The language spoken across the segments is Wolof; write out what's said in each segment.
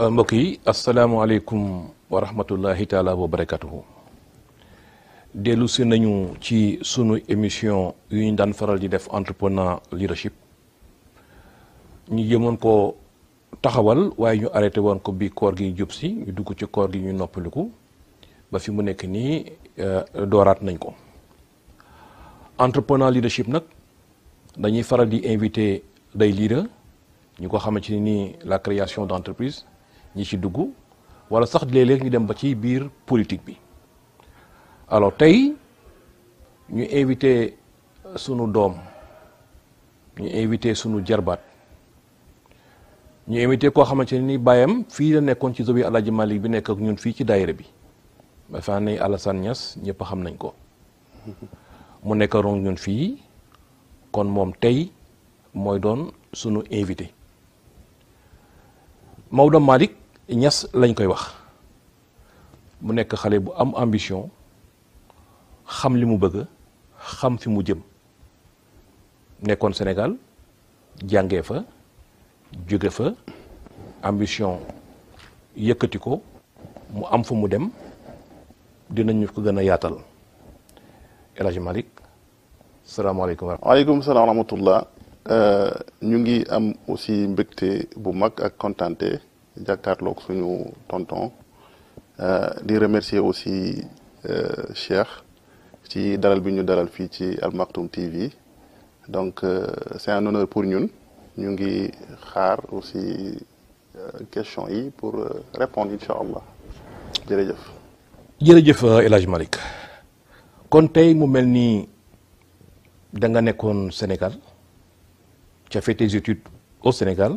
Euh, mbokk yi asalaamaaleykum wa rahmatullahi taala wa barakatuhu dellu nañu ci sunu émission yu ñu daan faral di def entrepreneur leadership ñu jëmoon ko taxawal waaye ñu arrêté woon ko bi koor gi jub si ñu dugg ci koor gi ñu noppaliku ba fi mu nekk nii euh, dooraat nañ ko entrepreneur leadership nag dañuy faral di invité day leader ñu ko xamante ni la création d'entreprise ñi ci dugg wala sax léeg ñu dem ba ci biir politique bi alors tey ñu invité sunu doom ñu invité sunu jarbaat ñu invité koo xamante ni bàyyam fii la nekkoon ci zobi Alaaji Malik bi nekk ak ñun fii ci daayira bi dafa ne Alassane Niass ñëpp xam nañ ko mu nekkaroon ñun fii kon moom tey mooy doon sunu invité Maodo Malick ñas lañ koy wax mu nekk xale bu am ambition xam li mu bëgg xam fi mu jëm nekkoon Sénégal jàngee fa jóge fa ambition yëkkati ko mu am fu mu dem dinañu ko gën a yaatal El malik salaamaaleykum wa waaleykum salaam wa rahmatullah euh, ñu ngi am aussi mbégte bu mag ak jàkkaarloog suñu tonton euh, di remercier aussi euh, Cheikh ci dalal bi ñu dalal ci Al Maktoum TV donc euh, c'est un honneur pour nous. Nous avons xaar aussi question yi pour répondre inchallah allah jërëjëf. Elhadj El kon tay mu melni da nga Sénégal tu as fait tes études au Sénégal.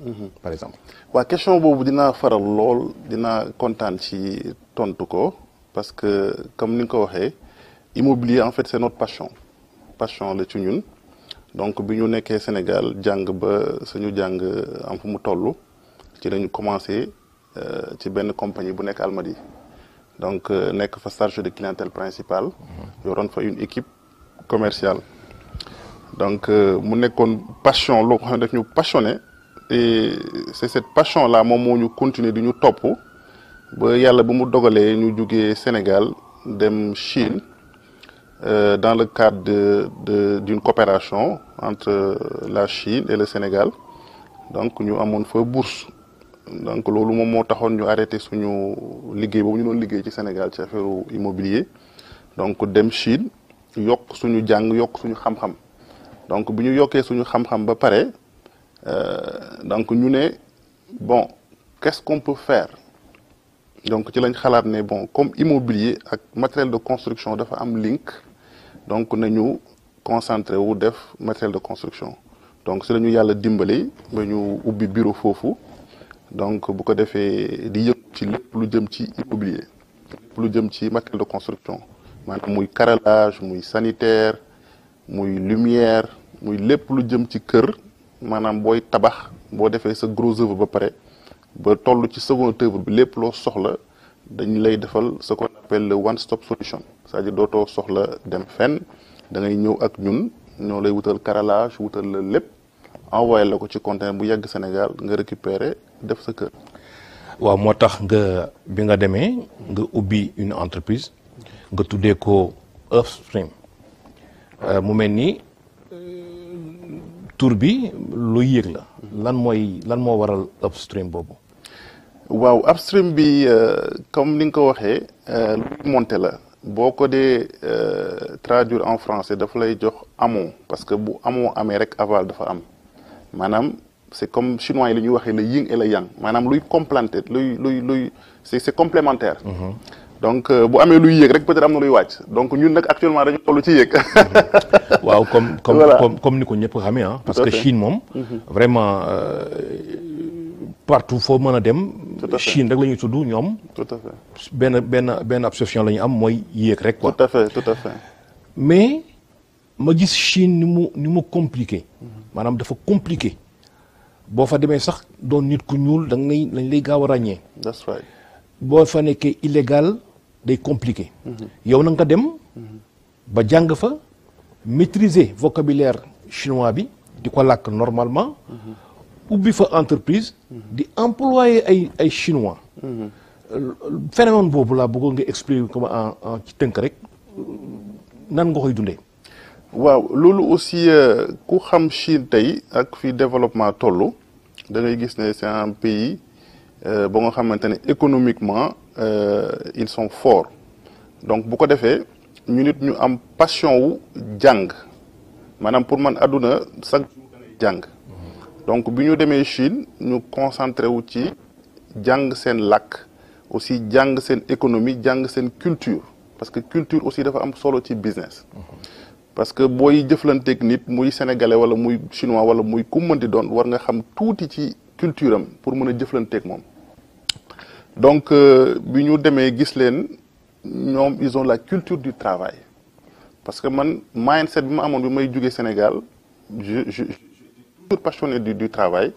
Mhm. par exemple. Wa question bobu dina faral lol dina contane ci tontu ko parce que comme ni ko L'immobilier immobilier en fait c'est notre passion passion de ci ñun donc nous sommes au Sénégal jang ba suñu jang am fu mu tollu ci lañu euh, ci benn compagnie bu nekk Almadie donc euh, nekk fa charge de clientèle principale mhm. yoroon fa une équipe commerciale donc euh, mu une passion lo xam passionné et c'est cette passion là moom moo ñu continuer di ñu top ba yalla bu mu dogalé ñu jugee Sénégal dem Chine euh, dans le cadre de d'une coopération entre la Chine et le Sénégal donc ñu amone fa bourse donc lolu moom moo taxoon ñu arrêter suñu liggéey boobu ñu don liggéey ci Sénégal ci affaire immobilier donc dem Chine yok suñu jang yok suñu xam-xam donc bu ñu yoké suñu xam-xam ba paré euh, donc ñu né bon qu'est-ce qu'on peut faire donc ci lañ xalat né bon comme immobilier ak matériel de construction dafa am link donc nañu concentré wu def matériel de construction donc si nous ñu yàlla nous ba ñu ubbi bureau fofu donc bu ko défé di yëg ci lepp lu jëm ci immobilier lu jëm ci matériel de construction nous muy carrelage muy sanitaire muy lumière muy lepp lu jëm ci kër maanaam booy tabax boo defee sa gros œuvre ba pare ba toll ci second œuvre bi lépp loo soxla dañ lay defal ce qu'on appelle le one stop solution cest à dootoo soxla dem fenn da ñëw ak ñun ñoo lay wutal carrelage wutal la lépp envoyé la ko ci conteneur bu yàgg Sénégal nga récupérer def sa kër. waaw moo tax nga bi nga demee nga ubbi une entreprise nga tuddee ko Earthstream euh, mu mel ni. tur bi lu la lan moy lan mo waral upstream bobu waaw upstream bi euh, comme ni nga ko waxee euh, lu monté la boo ko dee euh, traduire en français dafa lay jox amont parce que bu amont amee rek aval dafa am maanaam c'est comme chinois yi li ñuy waxee le yin et le yang maanaam luy complanté luy luy luy c'est c'est complémentaire mm-hmm donc euh, bu amee luy yéeg rek peut-être am na luy wàcc donc ñun nag actuellement dañu toll ci yéeg. waaw comme comme comme comme ni ko ñëpp hein, parce que Chine moom. Mhm. vraiment euh, partout foo mën dem. Chine rek la ñuy tudd ñoom. tout à fait benn benn benn obsession la ñu am mooy yéeg rek quoi. tout à fait tout à fait. mais ma gis Chine ni mu ni mu compliqué. Mhm. maanaam dafa compliquer. boo fa demee sax doon nit ku ñuul da ngay lañ lay gaaw a ràññee. that's right. boo fa nekkee illégal day compliqué yow na nga dem ba jang fa maîtriser vocabulaire chinois bi di ko làkk normalement ubbi fa entreprise di employé ay ay chinois phénomène bobu la bëggoon nga expliquer comme en ci tënk rek nan nga koy dundé waaw loolu aussi euh, ku xam Chine tey ak fi développement toll da ngay gis ne c'est un pays euh, ba nga xamante ne économiquement euh, ils sont forts donc beaucoup d'effets. defee ñu avons une passion wu jang. Madame pour man aduna chaque jang. Donc donc nous sommes en Chine ñu concentré wu ci c'est seen lac aussi jang sen économie jang sen culture parce que culture aussi dafa am solo business parce que booy jëflanteeg nit muy sénégalais wala muy chinois wala muy ku mën di doon war nga xam ci culture am pour mon a jëflanteeg donc euh, bi ñu demee gis leen ñoom ils ont la culture du travail parce que man mindset bi ma amoon bi may jóge Sénégal je je toujours passionné du travail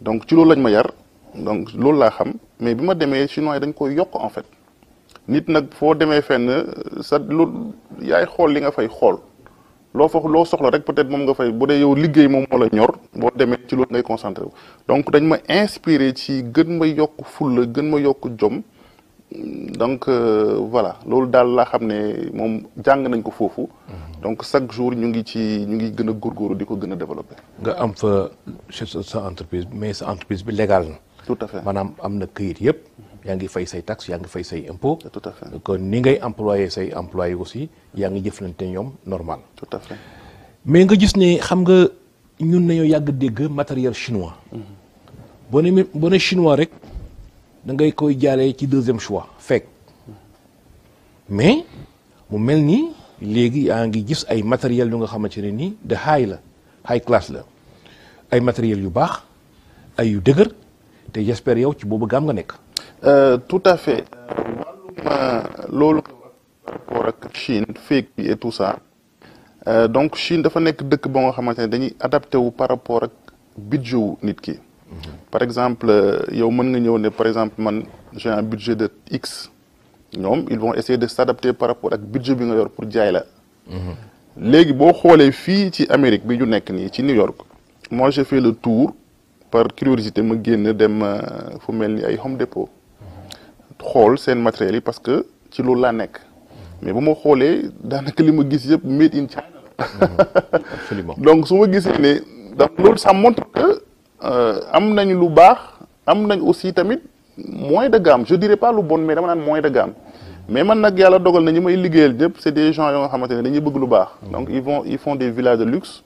donc ci loolu lañ ma yar donc loolu la xam mais bi ma demee chinois yi dañ koy yokk en fait nit nag foo demee fenn sa lu yaay xool li nga fay xool loo fa loo soxla rek peut-être moom nga fay bu dee yow liggéey moom moo la ñor boo demee ci loolu ngay concentré donc dañ ma inspiré ci gën ma yok fulla gën ma yok jom donc euh, voilà loolu daal laa xam ne moom jàng nañ ko foofu mhm. donc chaque jour ñu ngi ci ñu ngi gën a góorgóorlu di ko gën développé nga am fa sa entreprise mais sa entreprise bi légal tout à fait maanaam am na këyit yëpp yaa ngi fay say taxe yaa ngi fay say impôt tout à fait kon ni ngay employé say employé aussi yaa ngi jëflante ñoom normal. tout à mais nga gis ne xam nga ñun nañoo yàgg dégg matériel chinois. Mm-hmm. boo ne boo ne chinois rek da ngay koy jaalee ci deuxième choix fekk mais mu mel ni léegi yaa ngi gis ay matériel yu nga xamante ne nii de high la high class la ay matériel yu baax ay yu dëgër te j'espère yow ci boobu gaam nga nekk. Euh, tout à fait euh, wàllum euh, loolu par rapport ak Chine fake et tout ça donc Chine dafa nekk dëkk ba nga xamante ne dañuy adapté wu par rapport ak budget wu nit ki mhm. par exemple yow mën nga ñëw ne par exemple man j'ai un budget de X ñoom ils vont essayer de s'adapter par rapport ak budget bi nga yor pour jaay la mhm. léegi boo xoolee fii ci Amérique bi ñu nekk nii ci New York moi j'ai fait le tour par curiosité ma génn dem fu mel ay Home Depot xool seen matériel yi parce que ci loolu laa nekk mais bu ma xoolee daanaka li ma gis yëpp made in China mhm. donc su ma gisee ne donc loolu ça montre que euh, am nañ lu baax am nañ aussi tamit moins de gamme je dirais pas lu bon mais dama naan moins de gamme mais man nag yàlla dogal na ñi may liggéeyal ñëpp c'est des gens yoo nga xamante ne dañuy bëgg lu baax mhm. donc ils vont ils font des villages de luxe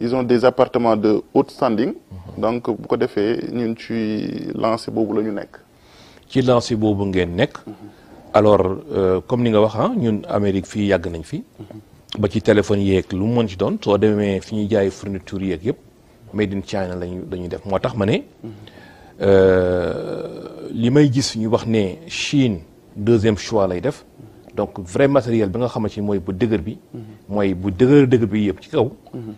ils ont des appartements de haute standing mhm. donc bu ko defee ñun ci lancé boobu la ñu nekk ci lancé boobu ngeen nekk alors euh, comme ni nga wax ah, ñun Amérique fii yàgg nañ fi ba ci téléphone yeeg lu mu mën ci doon soo demee fi ñuy jaay fourniture yeeg yëpp made in China lañu lañuy def moo tax ma ne euh, li may gis ñu wax ne Chine deuxième choix lay def donc vrai matériel bi nga xamante ni mooy bu dëgër bi mooy bu dëgër dëgër bi yëpp ci kaw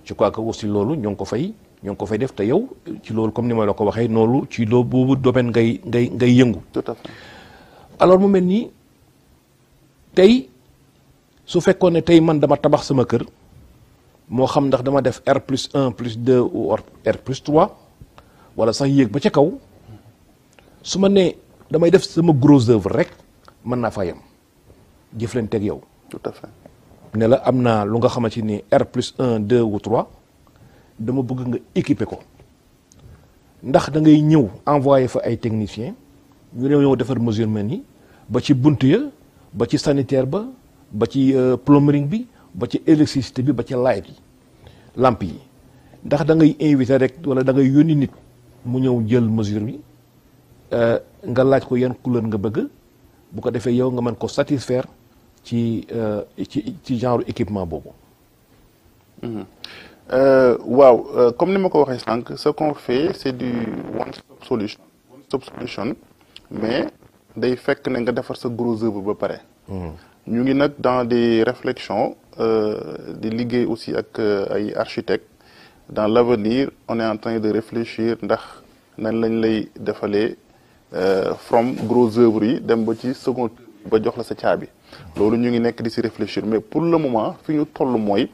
je crois que aussi loolu ñoo ngi ko fay ñoo ngi ko fay def te yow ci loolu comme ni ma la ko waxee noolu ci loo boobu domaine ngay ngay ngay yëngu. tout alors mu mel nii tey su fekkoon ne tey man dama tabax sama kër moo xam ndax dama def R plus plus 2 ou R wala sax yéeg ba ca kaw su ma nee damay def sama gros rek mën naa faa yem jëflanteeg yow. tout à ne la am naa lu nga xamante ni R plus 1 2 dama bëgg nga équiper ko ndax da ngay ñëw envoyé fa ay techniciens ñu ne ñëw defar mesurement yi ba ci bunt ya ba ci sanitaire ba ba ci euh, plomberie bi ba ci électricité bi ba ci light yi lamp yi ndax da ngay invité rek wala da ngay yónni nit mu ñëw jël mesure bi euh, nga laaj ko yan couleur nga bëgg bu ko defee yow nga man ko satisfaire ci euh, ci ci genre équipement boobu. Mm-hmm. Euh, wow. Euh, comme nous l'ai dit, ce qu'on fait, c'est du one-stop solution. One-stop solution, mais il fekk ne nga defar sa gros œuvre Nous sommes dans des réflexions euh, des aussi avec ay architectes dans l'avenir, on est en train de réfléchir ndax qu'on lañ lay faire from gros œuvre yi dem ba second ba jox la sa caabi Nous ñu ngi train di réfléchir mais pour le moment en train toll faire,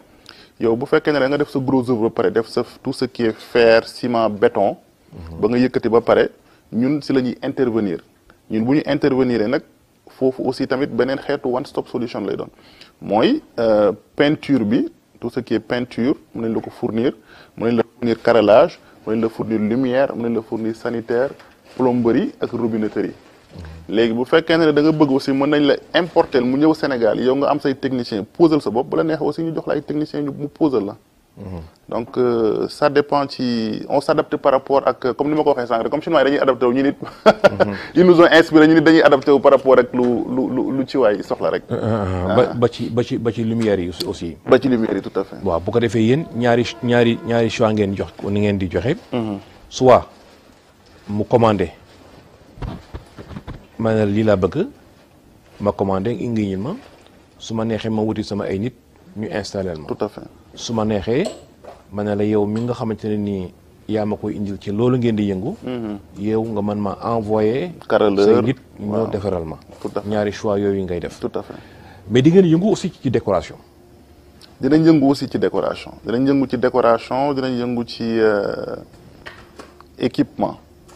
yow bu fekkene ne nga def sa gros œuvre pareil, def sa tout ce qui est fer ciment béton. ba nga yëkëti ba pareil. ñun ci lañuy intervenir ñun bu ñu intervenir nag foofu aussi tamit benen xeetu one stop solution lay doon moy euh, peinture bi tout ce qui est peinture mën nañ la ko fournir mën nañ la fournir carrelage mën nañ la fournir lumière mën nañ la fournir sanitaire plomberie ak robinetterie léegi bu fekkee ne da nga bëgg aussi mën nañ la importer mu ñëw Sénégal yow nga am say technicien posal sa bopp bu la neexee aussi ñu jox la ay technicien mu posal la mhm. donc euh, ça dépend ci on s'adapte par rapport ak comme ni ma ko waxee sànq rek comme chinois yi dañuy adapté wu ñu nit mhm. ils nous ont inspiré ñu nit dañuy adapté wu par rapport ak lu lu lu lu ci waay soxla rek euh, euh, ba ba ci ba ci ba ci lumière yi aussi ba ci lumière yi tout à fait waaw bu ko defee yéen ñaari ñaari ñaari choix ngeen jox ni ngeen di joxe mhm. soit mu commandé ma lii laa bëgg ma commander indi ma su ma neexee ma wuti sama ay nit ñu installé ma. tout à fait su ma neexee ma ne la yow mi nga xamante ne nii yaa ma koy injil ci loolu ngeen di yëngu. Mhm. yow nga man ma envoyé. carreleur say nit ñoo defaral ma. ñaari choix yooyu ngay def. tout à fait mais di ngeen yëngu aussi ci décoration. dinañ yëngu aussi ci décoration dinañ yëngu ci décoration dinañ yëngu ci euh, équipement.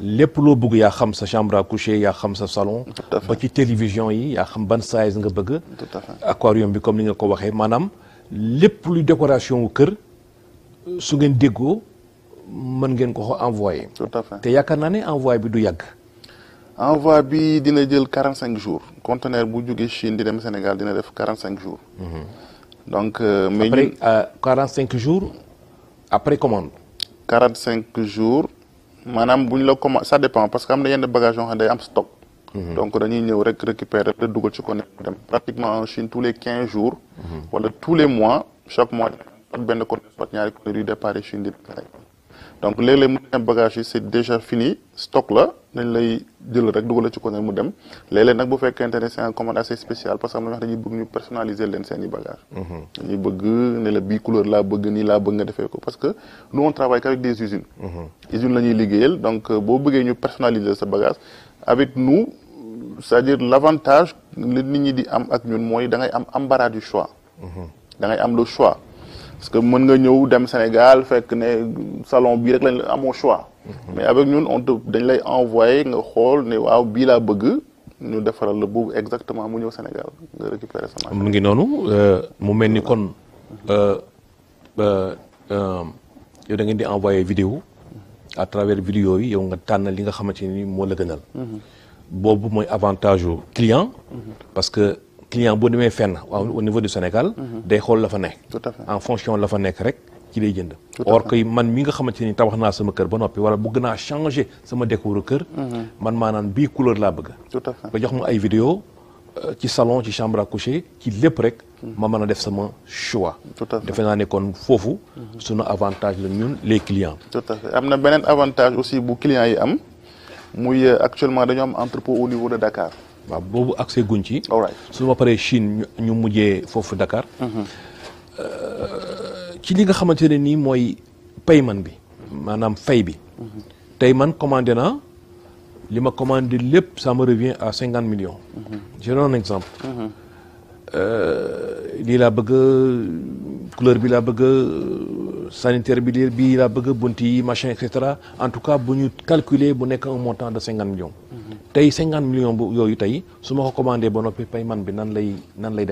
lépp loo bëgg yaa xam sa chambre à coucher yaa xam sa salon ba ci télévision yi yaa xam ban size nga bëgg aquarium bi comme ni nga ko waxee maanaam lépp luy décoration wu kër su ngeen déggoo mën ngeen ko ko envoyé te yaakaar naa ne envoyé bi du yàgg envoi bi dina jël 45 jours conteneur bu jógee Chine di dem Sénégal dina def 45 cinq jours mhm. donc euh, mais après 45 euh, jours après commande 45 jours manam buñ la comment ça dépend parce que am na yenn bagage yoo xam day am stock. Mhm. donc dañuy ñëw rek récupérer rek duggal ci ko dem pratiquement en Chine tous les 15 jours. Mhm. wala tous les mois chaque mois benn conteneur ñaari ko yu départ Chine di donc les les bagages c'est déjà fini stock là. nañ lay jël rek dugal ci conteneur mu dem Les léeg nag bu fekkente ne c'est un commande assez spécial parce que am na wax dañuy personnaliser leen seen bagages bagage mhm. dañuy bëgg ne la bii couleur la bëgg nii laa bëgg nga ko parce que nous on travaille qu'avec des usines mhm. usines la ñuy liggéeyal donc euh, beaucoup bëggee ñu personnaliser sa bagage avec nous c'est-à-dire l'avantage les nit ñi di am ak ñun moy da ngay am embarras du choix mhm. da ngay am le choix parce que mën nga ñëw dem Sénégal fekk ne salon bi rek lañ amoo choix. Mhm. mais avec ñun on te dañ lay envoyer nga xool ne waaw bii laa bëgg ñu defaral la boobu exactement mu ñëw Sénégal nga récupérer sa mu ngi noonu euh, mu mel ni kon euh, euh, yow da ngeen di envoyer vidéo à travers vidéo yi yow nga tànn li nga xamante ni moo la gënal. Mhm. boobu mooy avantage au client. Mhm. parce que client boo demee fenn au niveau du Sénégal. Mhm. day xool la fa en fonction la fa nekk rek ci lay jënd. or que man mi nga xamanteni ni tabax na sama kër ba nopi wala bëgg naa changer sama décor kër. Mhm. man maanaan bi couleur la bëgg. tout à fait nga jox ma ay vidéo euh, ci salon ci chambre à coucher ci lépp rek. Mhm. ma mëna def sama choix. tout à fait defe naa kon fofu sunu avantage la ñun les clients. tout à fait avantage aussi bu clients yi am muy euh, actuellement dañu am entrepôt au niveau de Dakar. waaw boobu accès guñ ci. su ba paree Chine ñu mujjee foofu Dakar. Mm-hmm. Euh, ci li nga xamante ne nii mooy paiement bi maanaam fay bi. Mm-hmm. tey man commandé naa li ma commandé lépp ça me revient à 50 millions. Mm-hmm. je donne un exemple. Euh, lii laa bëgg couleur bi laa bëgg sanitaire bi lii bii laa bëgg bunti yi machin et cetera en tout cas bu ñu calculer bu nekk un montant de 50 millions. tay 50 millions bu yoyu tay suma ko commander bo noppi paiement bi nan lay nan lay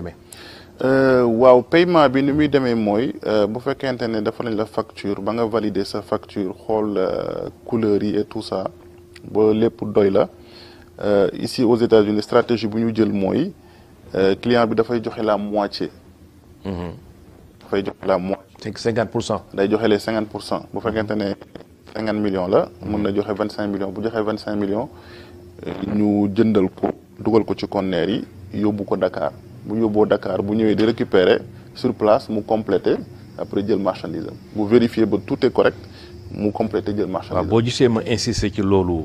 euh waaw paiement bi ni muy demee mooy euh, bu fekkente ne dafa lañ la facture ba nga valider sa facture xool euh, couleur yi et tout ça bo lepp doy la euh, ici aux États-Unis stratégie bu ñu jël euh client bi dafay joxe la moitié. Mhm. dafay joxe la moitié. 50 pour day joxe les 50 bu fekkente ne millions la. mën na joxe 25 millions bu joxe 25 millions ñu jëndal ko dugal ko ci conteneur yi yóbbu ko Dakar bu yóbboo Dakar bu ñëwee di récupérer sur place mu complété après jël marchandise am bu vérifier ba tout est correct mu complété jël marchandise am. waaw boo gisee ma insister ci loolu.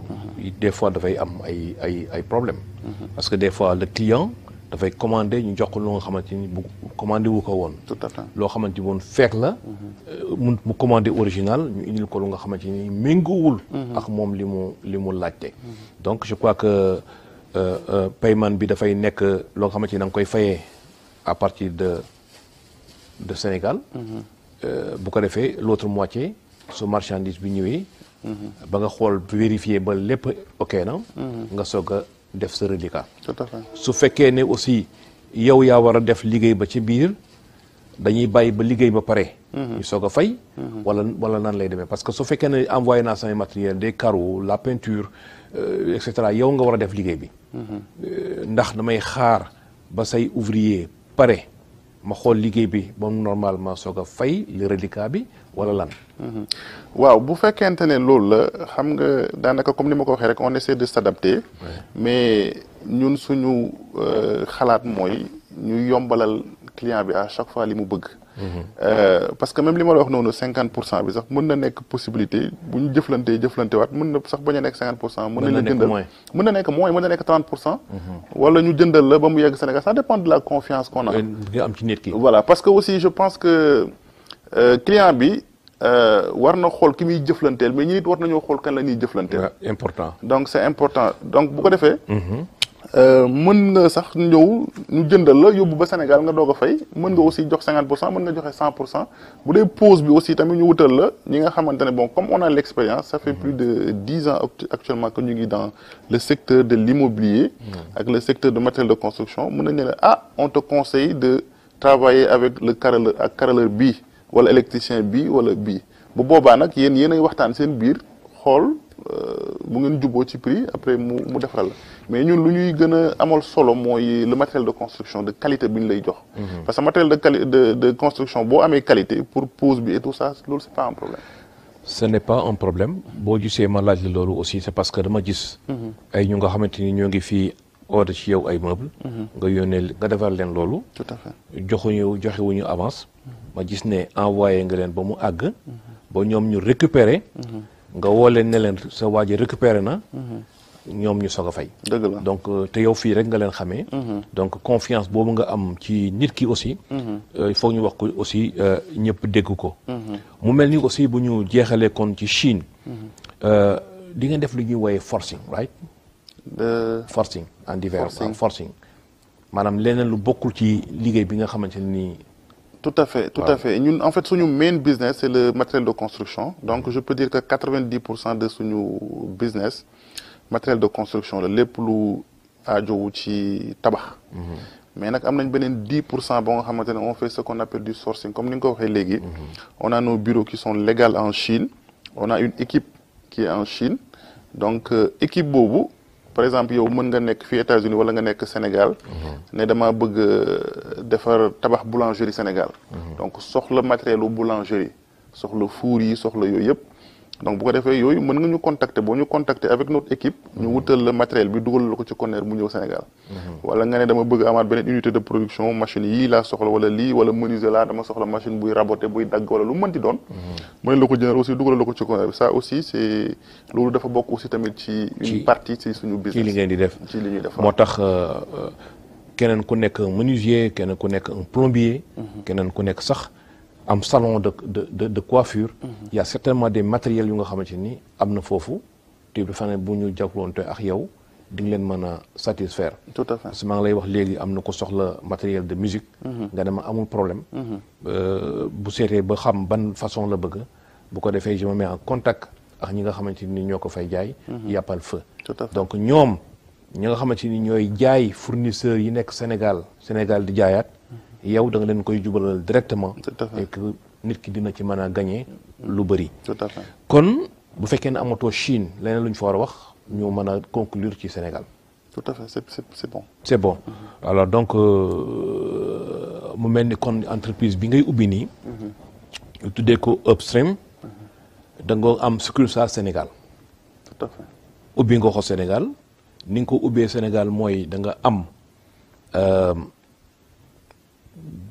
des fois dafay am ay ay ay problème mm-hmm. parce que des fois le client da fay commandé ñu jox ko lo nga xamante ni commandé wu ko won tout à fait loo xamante ni woon la. Mhm. Euh, mu mu commandé original ñu indil ko lo nga xamante ni méngoowul. Mhm. ak mom limu limu li mhm. donc je crois que euh, euh, paiement bi da fay nek lo ni da koy fayé à partir de de Sénégal. euh bu ko défé l'autre moitié su marchandise bi ñëwee. ba nga xol vérifier ba lépp ok na. nga soga def ce reliquat. tout à fait su fekkee ne aussi yow ya wara def liguey ba ci bir dañuy baye ba liguey ba paré mhm. ñu soga fay. Mhm. wala wala nan lay démé parce que su fekkee ne envoyé na samay matériel des carreaux la peinture euh, et cetera yow nga wara def liguey bi. Mhm. Euh, ndax damay xaar ba say ouvrier paré ma xool liggéey bi ba mu normalement soog a fay le bi wala lan. Mhm. waaw bu fekkente ne loolu la xam nga daanaka comme ni ma ko waxee rek on essaie de s'adapter. mais ñun suñu euh, xalaat mooy ñu yombalal. client bi à chaque fois li mu bëgg. Mhm. Euh, parce que même li ma la wax noonu 50 bi sax mën na nekk possibilité bu ñu jëflantee jëflante mën na sax bañ a nekk 50 pour mën na nekk moins mën na nekk moins mën na nekk 30 mhm. wala ñu jëndal la ba mu yegg Sénégal ça dépend de la confiance qu'on a. Euh, nga am ci nit ki. voilà parce que aussi je pense que euh, client bi. war na xool ki muy jëflanteel mais ñi nit war nañoo xool kan la ñuy jëflanteel. important donc c'est important donc bu ko defee. Mhm. Euh, mën nga sax ñëw ñu jëndal la yóbbu ba Sénégal nga doog a fay mën nga aussi jox 50 pour cent mën nga joxe 100 pour cent bu dee pause bi aussi tamit ñu wutal la ñi nga xamante ne bon comme on a l' expérience ça fait plus de 10 ans actuellement que ñu ngi dans le secteur de l' immobilier mmh. ak le secteur de matériel de construction mën nañu ne ah on te conseille de travailler avec le carreleur ak carreleur bii wala électricien bii wala bii bu boobaa nag yéen yéen ay waxtaan seen biir xool euh, mu ngeen ci prix après mu mais ñun le matériel de construction de qualité mhm. parce que matériel de construction qualité pour pose et tout ça pas un problème. ce n'est pas un problème bo malade aussi c'est parce que dama gis. Mhm. ay ordre ci yow meuble mhm. nga tout à fait joxuñu joxewuñu avance. ma gis envoyé nga ba mu récupérer. nga woo leen ne leen sa waa ji na. ñoom ñu sog a fay. donc euh, te yow fii rek nga leen xamee. Mm-hmm. donc confiance boobu nga am ci nit ki aussi. Mm-hmm. Euh, il faut ñu wax ko aussi euh, ñëpp dégg ko. Mm-hmm. mu mel ni aussi bu ñu jeexalee kon ci Chine. di nga def lu ñuy wooyee forcing right. forcing en maanaam leneen lu bokkul ci liggéey bi nga xamante ne nii. Tout à fait, tout à fait. en fait, notre main business, c'est le matériel de construction. Donc, je peux dire que 90% de notre business, matériel de construction, le plus de ci mhm. mais il y a 10% on fait ce qu'on appelle du sourcing comme nous avons fait on a nos bureaux qui sont légaux en Chine on a une équipe qui est en Chine donc euh, équipe Bobu par exemple yow mën nga nek fi États-Unis wala nga nek Sénégal mhm. né dama bëgg euh, défar tabax boulangerie Sénégal mhm. donc le matériel boulangerie soxla four yi soxla le yëpp donc bu ko defee yooyu mën nga ñu contacter boo ñu contacter avec notre équipe ñu mhm. wutal le matériel bi dugal la ko ci conner mu ñëw Sénégal mhm. wala nga ne dama bëgg amaat beneen unité de production machine yii laa soxla wala lii wala menuisier laa dama soxla machine buy raboter buy dagg wala lu mënti doon mhm. mën la ko jëndal aussi dugal la ko ci conteneur bi ça aussi c' est loolu dafa bokk aussi tamit ci une partie ci suñu business ci li ngeen di def ci li ñuy def moo tax euh, euh, keneen ku nekk menuisier keneen ku nekk un plombier keneen ku nekk sax am salon de de de, de coiffure. y a certainement des matériels yu nga xamante ni am na foofu te dafa ne bu ñu jàppalante ak yow di nga leen mën satisfaire. tout à fait parce que maa lay wax léegi am na ko soxla matériel de musique. Mhm. nga ne amul problème. Mhm. Euh, bu seetee ba xam ban façon la bëgg bu ko defee je me mets en contact ak ñi nga xamante ni ñoo ko fay jaay. Mhm. yàppal feu. tout à fait donc ñoom ñi nga xamante ni ñooy jaay fournisseurs yi nekk Sénégal Sénégal di jaayaat. yow da nga leen koy jubalal directement. et que nit ki dina ci mën a gagné lu bëri. kon bu fekkee ne amatoo Chine leneen lu ñu fa war a wax ñu mën a conclure ci Sénégal. tout à fait c'est c'est c'est bon. c'est donc euh, mu mel ni kon entreprise bi ngay ubbi nii. Mhm. ñu tuddee ko upstream. Mhm. da nga am succursale Sénégal. tout ubbi nga ko Sénégal ni nga ko ubbee Sénégal mooy da nga am. Euh,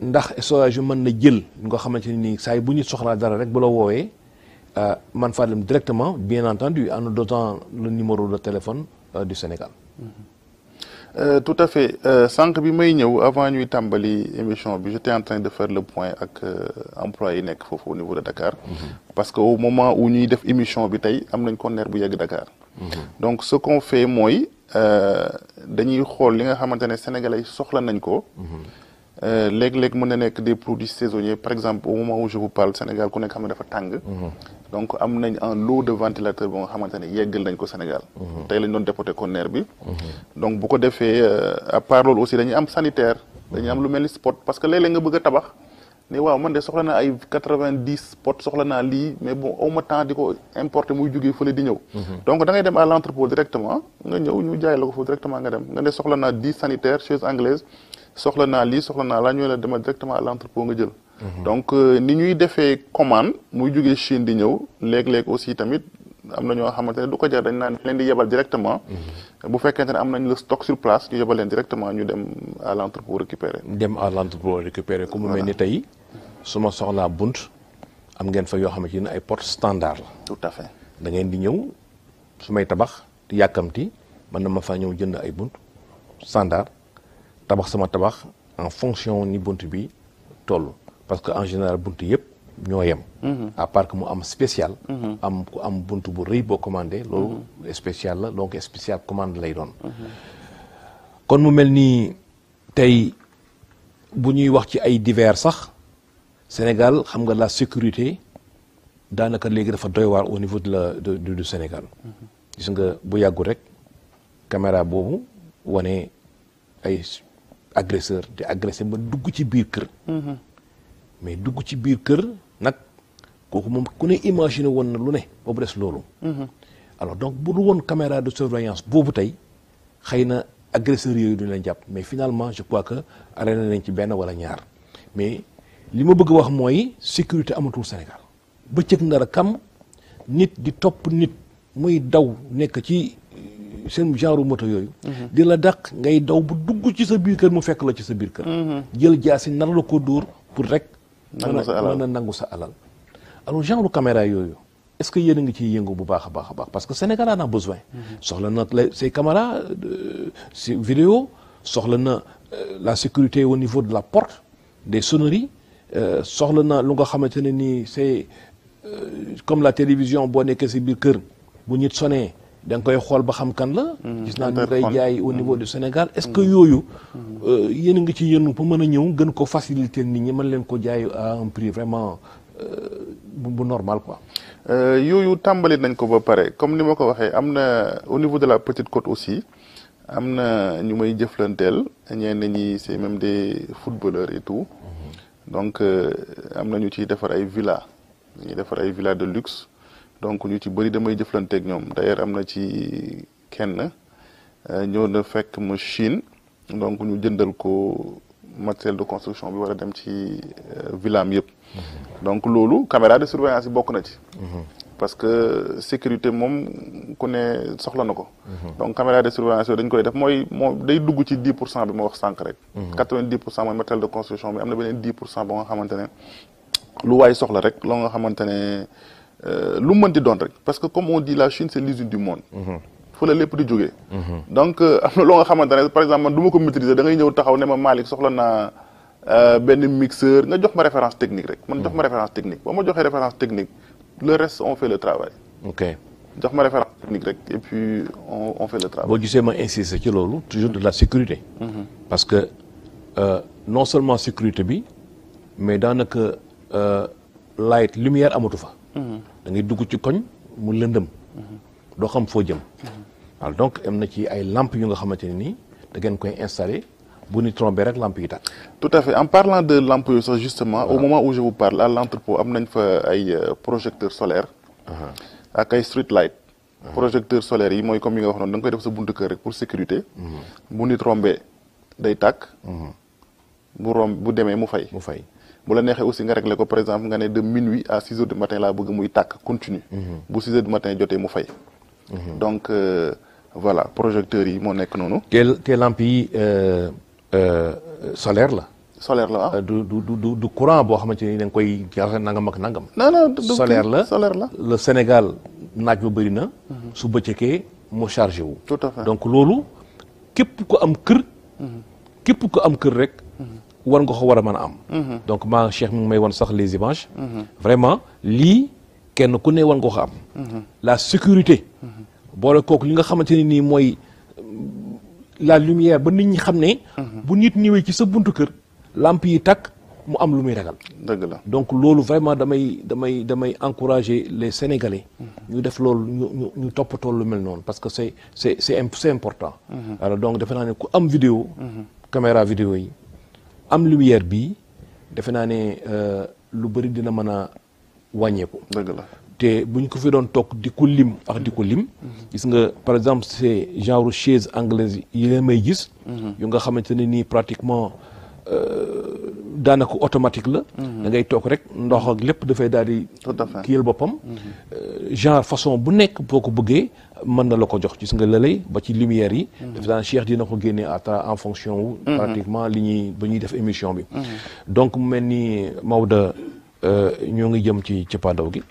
ndax SOS mën na jël nga xamante ni nii saa bu ñu soxlaa dara rek bu la woowee euh, man faa directement bien entendu en dotant le numéro de téléphone euh, du Sénégal. Euh, tout à fait sànq bi may ñëw avant ñuy tàmbali émission bi j'étais en train de faire le point ak emploi yi nekk foofu au niveau de Dakar. Mm-hmm. parce que au moment où ñuy def émission bi tey am nañ conteneur bu yegg Dakar. Mm-hmm. donc ce qu'on fait mooy dañuy xool li nga xamante ne sénégalais soxla nañ ko. Mm-hmm. Euh, léeg leg mën na nekk des produits saisonniers par exemple au moment où je vous parle Sénégal ku nekk xam ne dafa tàng. Mhm. donc am nañ un lot de ventilateur boo nga xamante ne yeggal nañ ko Sénégal. Mhm. tey lañ doon dépoté conteneur bi. Mhm. donc bu ko defee euh, à part loolu aussi dañuy am sanitaire. dañuy am lu mel ni spot parce que léeg-léeg nga bëgg a tabax. ne waaw man de soxla naa ay 90 vingt dix pot soxla naa lii mais bon au moins temps di ko importer muy jógee fële di ñëw. donc da ngay dem à l'entrepôt directement nga ñëw ñu jaay la ko foofu directement nga dem nga ne soxla naa dix sanitaires chaises anglaises. soxla naa lii soxla naa laa ñëw la demal directement à l'entrepôt nga jël mhm. donc euh, ni ñuy defee commande muy jógee Chine di ñëw léeg-léeg aussi tamit am na ñoo xamante ne du ko jar dañ naan leen di yebal directement mhm. bu fekkente ne am nañ le stock sur place ñu yebal leen directement ñu dem à l'entrepôt récupérer dem à l'entrepôt récupérer ku mu mel ni tey su ma soxlaa bunt am ngeen fa yoo xamante ne ay porte standard tout à fait da ngeen di ñëw su may tabax yàkkamti man na ma faa ñëw jënd ay bunt standard tabax sama tabax en fonction ni buntu bi toll parce que en général buntu yépp ñoo yem mhm. à part que mu am spécial mhm. am ku am buntu bu reuy bo commandé loolu mhm. spécial la donc spécial commande lay doon kon mu mel nii tey bu ñuy wax ci ay divers sax Sénégal xam nga la sécurité daanaka léegi dafa doy waar au niveau de la du Sénégal gis nga bu yàggul rek caméra boobu wane ay agresseur di agressé ba dugg ci biir kër. mais dugg ci biir kër nag kooku moom ku ne imaginer woon na lu ne ba mu des loolu. alors donc bu dul woon caméra de surveillance boobu tey xëy na agresseurs yooyu duñ leen jàpp mais finalement je crois que arrêté nañ ci benn wala ñaar mais li ma bëgg wax mooy sécurité amatul Sénégal bëccëg ndara kam nit di topp nit muy daw nekk ci. seen genre moto yooyu. Mhm. di la dàq ngay daw bu dugg ci sa biir kër mu fekk la ci sa biir kër. Mhm. jël jaasi nar la ko dóor pour rek. nangu sa alal mën a nangu sa alal. alors genre caméra yooyu est-ce que yéen a ngi ciy yëngu bu baax a baax a baax parce que Sénégal en a besoin. Mhm. soxla na c'est caméra euh, si vidéo soxla na euh, la sécurité au niveau de la porte des sonneries euh, soxla na lu nga xamante ne c'est comme la télévision boo nekkee si biir kër bu nit sonee da koy xool ba xam kan la. Mm-hmm. gis naa ñu koy jaay au niveau mm-hmm. du Sénégal est-ce que mm-hmm. yooyu. Euh, yéen a ngi ci yéen pour mën a ñëw gën ko facilité nit ñi mën leen ko jaay à un prix vraiment euh, bu normal quoi. Euh, yooyu tàmbali nañ ko ba pare comme ni ma ko waxee am na au niveau de la Petite Côte aussi am na ñu may jëflanteel ñenn ñi c'est même des footballeurs et tout donc am na ñu ciy defar ay villa ñuy defar ay villa de luxe donc ñu ci bëri damay jëflanteeg ñoom d'ailleurs am na ci kenn euh, ñëw na fekk ma Chine donc ñu jëndal ko matériel de construction bi war a dem ci euh, villaam yëpp mhm. donc loolu caméra de surveillance yi bokk na ci mhm. parce que sécurité moom ku ne soxla na ko mhm. donc caméra de surveillance yooyu dañ koy def mooy moo day dugg ci 10 pour cent bi ma wax sànq rek 90 pour cent mooy matériel de construction bi am na beneen dix pour cent ba nga xamante ne lu waay soxla rek loo nga xamante ne euh, lu mën di doon rek parce que comme on dit la Chine c' est l'usine du monde. Mhm. fu la lépp di jógee. Mhm. donc euh, am na loo nga xamante ne par exemple man du ma ko maîtriser da ngay ñëw taxaw ne ma Malick soxla naa. Euh, benn mixeur nga jox ma référence technique rek man jox ma mhm. référence technique boo ma joxee référence technique le reste on fait le travail. ok jox ma référence technique rek et puis on on fait le travail. boo gisee ma insister ci loolu toujours de la sécurité. parce que non seulement sécurité bi mais daanaka light lumière amatu fa da ngay dugg ci koñ mu lëndëm. doo xam foo jëm. waaw donc am na ci ay lampe yu nga xamante ne nii da ngeen koy installé bu ni trombé rek lampe yi tàkk. tout à fait en parlant de lampe yooyu sax justement au moment où je vous parle à l' entrepôt am nañ fa ay euh, projecteurs solaires. Uh-huh. ak ay street light. Uh-huh. projecteur solaire yi mooy comme yi nga wax noonu da nga koy def sa buntu kër rek pour sécurité. Uh-huh. bu nit rombee day tàkk. bu romb bu demee mu fay. mu fay la aussi nga régler ko par exemple nga né de minuit à 6 heures du matin là bëgg muy continue mhm. bu du matin mhm. donc euh, voilà projecteur yi moo euh, euh, solaire la solaire la ah. du du du du courant bo xamanteni dañ koy nangam nangam. non non solaire la solaire le Sénégal na. Mhm. su mo chargé wu. tout donc loolu képp peut am kër. képp am kër rek war nga ko war a mën a am. Mhm. donc maa Cheikh mi ngi may wan sax les images. Mhm. vraiment lii kenn ku ne war nga ko am. Mhm. la sécurité. boole kooku li nga xamante ni nii mooy la lumière ba nit ñi xam ne. bu nit ñëwee ci sa buntu kër. lampe yi takk mu am lu muy ragal. dëgg la donc loolu vraiment damay damay damay encourager les sénégalais. ñu def loolu ñu ñu ñu toppatoo lu mel noonu parce que c' est c' est c' est important. alors donc defe naa ne ku am vidéo. caméra vidéo yi. am lumière bi defe naa ne euh, lu bëri dina mën a wàññeeku. dëgg la te buñ ko fi doon toog di ko lim ak di ko lim. Mhm. gis nga par exemple c'est genre chaise anglaise yi leen may gis. Mhm. yu nga xamante ne nii pratiquement. Euh, daanaka automatique la. Mhm. da ngay tok rek ndox ak lepp da fay di. tout bopam mhm. euh, genre façon bu nek boko ko man na la ko jox gis nga lëlay ba ci lumière yi. Mhm. dafa daan Cheikh dina ko génnee en fonction pratiquement li ñuy ba def émission bi. donc mu melni ni Maodo euh, ñoo ngi jëm ci cappaandaw gi.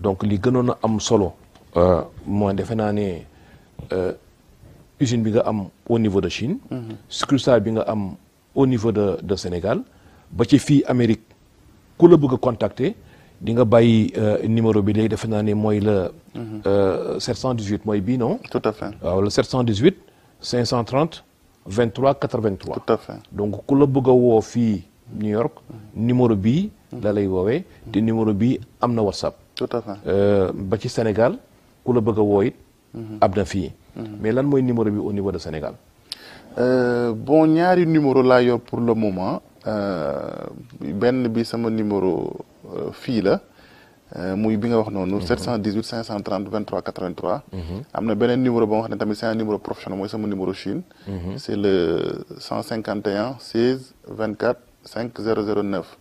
donc li gënoon am solo. mooy defe naa ne usine bi nga am au niveau de Chine. succursale bi nga am au niveau de de Sénégal ba ci fi Amérique ku la bëgg a contacter di nga euh, numéro bi léegi defe naa ne mooy le. 718 mhm. euh, mooy non. tout à fait waaw le 718 530 23 83. tout à fait donc ku la bëgg a woo New York mhm. numéro bii. Mhm. la lay woowee te numéro bii am na WhatsApp. tout à fait euh, ba ci Sénégal ku la bëgg a woo it. mais lan mooy numéro bi au niveau de Sénégal. Euh, bon ñaari numéro la yor pour le moment ben bi sama numéro euh, fii la muy bi nga wax noonu. 718 530 23 83. am na beneen numéro ba nga xam ne tamit c'est un numéro professionnel mooy sama numéro Chine. Mhm. c'est le 151 16 24 5 5009.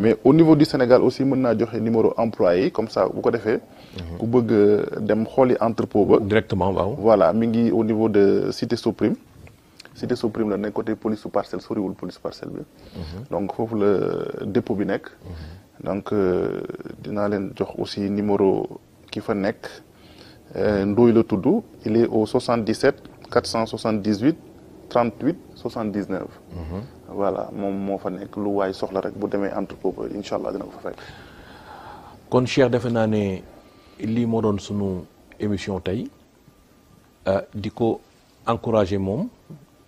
mais au niveau du Sénégal aussi mën naa joxe numéro employé comme ça bu ko defee. Mhm. ku bëgg dem xooli entrepôt ba. directement voilà mi au niveau de Cité Soprim cité Soprim le côté police ou parcelle ou police parcelle mhm. donc il le dépôt bi mhm. donc vais euh, vous jox aussi numéro ki fa nekk. Euh, Ndoye la doux. il est au 77 478 38 79. voilà mon mon fa nekk lu waay soxla rek bu demee entre pour Inshallah de dina ko fa fekk. kon cher defe naa sunu émission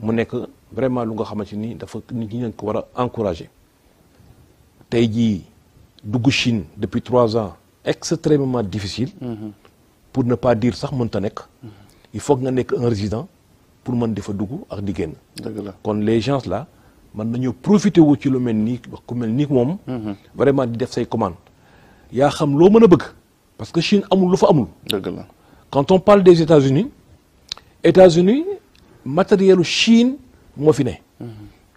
mu nekk vraiment lu nga xamante ni dafa nit ñi nañ ko war a encourager tey jii dugg Chine depuis trois ans extrêmement difficile pour ne pas dire sax ta nekk il faut que nga nekk un résident pour mën di fa dugg ak di génn kon les gens là mën nañoo profité wu ci lu mel ni ku mel ni moom mhm. vraiment di def say commandes yaa xam loo mën a bëgg parce que Chine amul lu fa amul quand on parle des États-Unis États-Unis matériel Chine moo fi ne.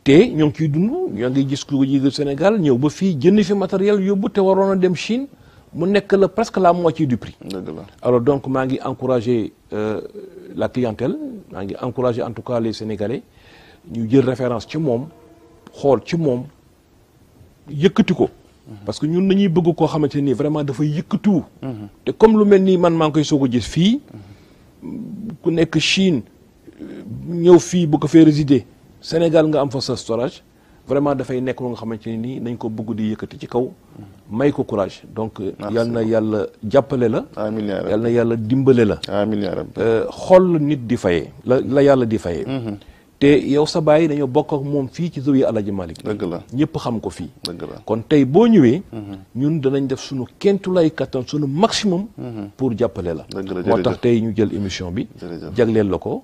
te ñoo ngi ciy dund ñoo ngi gis ku ji Sénégal ñëw ba fii jënd fi matériel yóbbu te waroon a dem Chine mu nekk la presque la moitié du prix. alors donc maa ngi encouragé euh, la clientèle maa ngi encouragé en tout cas les Sénégalais ñu jël référence ci moom xool ci moom yëkkati ko. parce que ñun dañuy bëgg koo xamante vraiment dafay yëkkatiwu. Mmh. te comme lu mel man maa ngi koy soog a gis fii ku nekk Chine. ñëw fii bu ko fee résider Sénégal nga am fa sa storage vraiment dafay nekk lu nga xamante ne nii nañ ko bëgg di yëkkati ci kaw may ko courage donc euh, yal na yàlla jàppale la amiin yal na yàlla dimbale la amiin euh, xool nit di fayee la la yàlla di fayee mm-hmm. te yow sa baay dañoo bokk ak moom fii ci zawiya Alaaji Malik dëgg la ñëpp xam ko fii dëgg kon tey boo ñëwee mhm. ñun danañ def suñu kentulay kattan suñu maximum mhm. pour jàppale la moo tax tey ñu jël émission bi jagleel la ko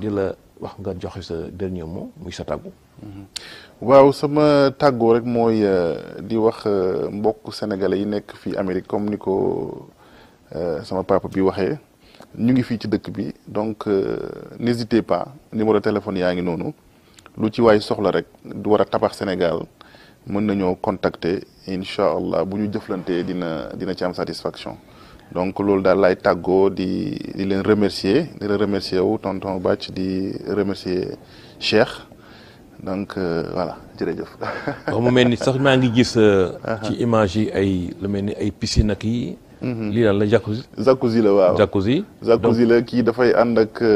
di la wax nga joxe sa dernier mot muy sa tàggu mhm. waaw sama tàggoo rek mooy euh, di wax euh, mbokk sénégalais yi nekk fii Amérique comme ni ko euh, sama papa bi waxee ñu ngi fi ci dëkk bi donc euh, n'hésitez pas numéro téléphone yaa ngi noonu lu ci waay soxla rek du war a tabax Sénégal mën nañoo contacter incha allah bu ñu jëflantee dina dina ci am satisfaction donc loolu daal lay tàggoo di di leen remercier di leen remercier wu tonton Bathie di remercier Cheikh donc euh, voilà jërëjëf. mu mel ni sax maa ngi gis. Euh, uh-huh. ci image yi ay lu mel ni ay piscine ak yi. Mhm. lii daal la jacuzzi. jacuzzi la waaw jacuzzi. jacuzzi la kii dafay ànd ak da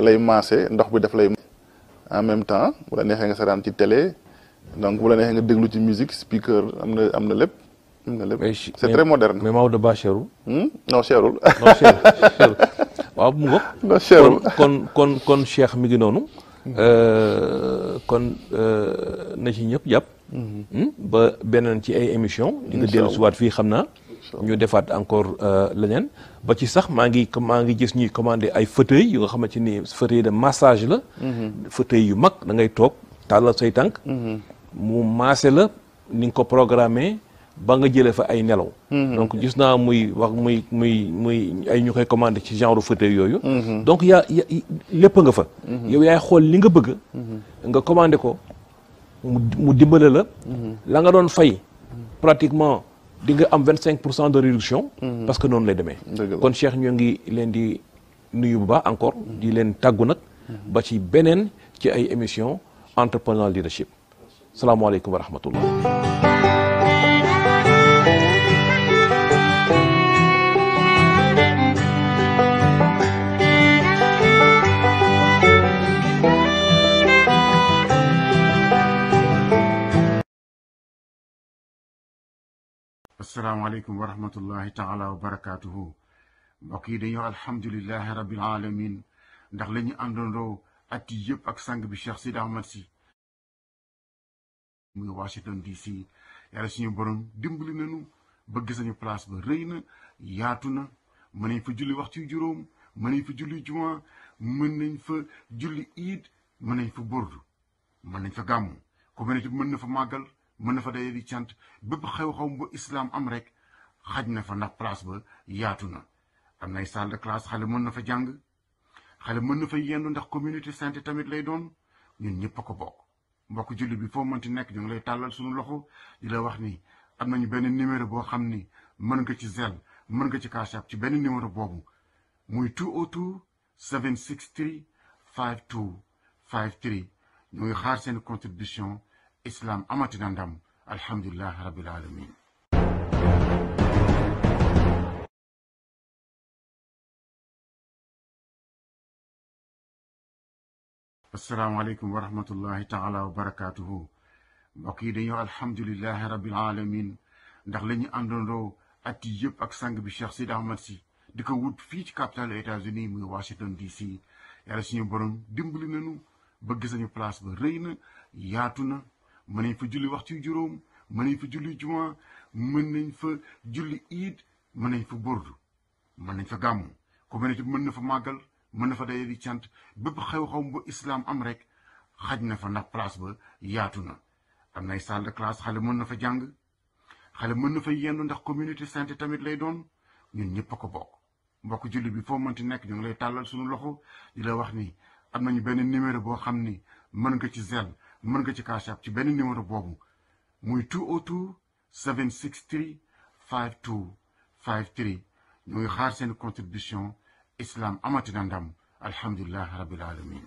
euh, lay maase ndox bi daf lay. en même temps bu la neexee nga saraan ci télé donc bu la neexee nga déglu ci musique speaker am na am na lépp. am na lépp c'est très moderne. mais Maodo Ba cherul. Hmm? non cherul. non cherul waaw mu ngoog. non cherul kon kon kon Cheikh mi ngi noonu. Euh, kon euh, na ci ñëpp jàpp. Mhm. Hmm? ba beneen ci ay émission di nga dellu si waat fii xam naa. ñu defaat encore euh, leneen ba ci sax maa ngi maa ngi gis ñuy commandé ay fauteuil yu nga xamante ni fauteuil de massage la mm-hmm. fauteuil yu mag da ngay toog tàllal say tànk mm-hmm. mu maase la ni nga ko programme ba nga jëlee fa ay nelaw mm-hmm. donc gis naa muy wax muy muy muy ay ñu koy ci genre fauteuil yooyu donc yaa lépp nga fa yaay xool li nga bëgg nga commandé ko mu dimbale la la nga doon fay pratiquement di nga am 25% de réduction. Mhm. parce que non lay démé kon Cheikh ñu ngi leen di nuyu bu ba encore. Mhm. di leen de nak mhm. ba ci benen ci ay émission entrepreneurial leadership. alaikum wa rahmatullah. asalaamaaleykum wa rahmatullahi taala wa barakaatuhu mbokk yi dañuy wax alhamdulilahi rabil alamin ndax la ñu àndandoo at yi yëpp ak sang bi Cheikh Sidi Ahmad si muy Washington DC si suñu boroom dimbali nañu ba gis nañu place ba rëy na yaatu na mën nañ fa julli waxtu yu juróom mën nañ fa julli jumaa mën nañ fa julli iid mën nañ fa burdu mën nañ fa gàmmu communauté bi mën na fa màggal mën na fa di cant bépp xew-xew islam am rek xaj na fa place ba yaatu salle de classe xale mën na fa xale mën na fa la ndax communauté santé tamit lay doon ñun ñëpp ko bokk mbokk julli bi foo mënti nekk ñu ngi lay tàllal suñu loxo wax numéro mën ci mën ci ci contribution islaam amatina ndam alhamdulilah rabbil alamin wa barakaatuhu mbokk yi dañoo alhamdulilahi rabbil alamin ndax la ñu àndandoo at yëpp ak sang bi Cheikh Sidi Ahmad si di ko wut fii ci capitale États-Unis muy Washington DC yàlla suñu borom dimbali nañu ba gis nañu place ba rëy na yaatu na mën nañ fa julli waxtu yu juróom mën nañ fa julli jumaa mën nañ fa julli iid mën nañ fa bordu mën nañ fa gàmmu communauté bi mën na fa màggal mën na fa daye di cant bépp xew-xew bu islam am rek xaj na fa ndax place ba yaatu na am nay salle de xale mën na fa jàng xale mën na fa yendu ndax communauté santé tamit lay doon ñun ñëpp a ko bokk mbokk julli bi foo mën mënti nekk ñu ngi lay tàllal suñu loxo di la wax nii am nañu benn numéro boo xam ni mën nga ci zel mën nga ci cash app ci benn numéro boobu muy 202 763 52 53 ñu ngi xaar seen contribution islam amati na ndam alhamdulilah rabil alamin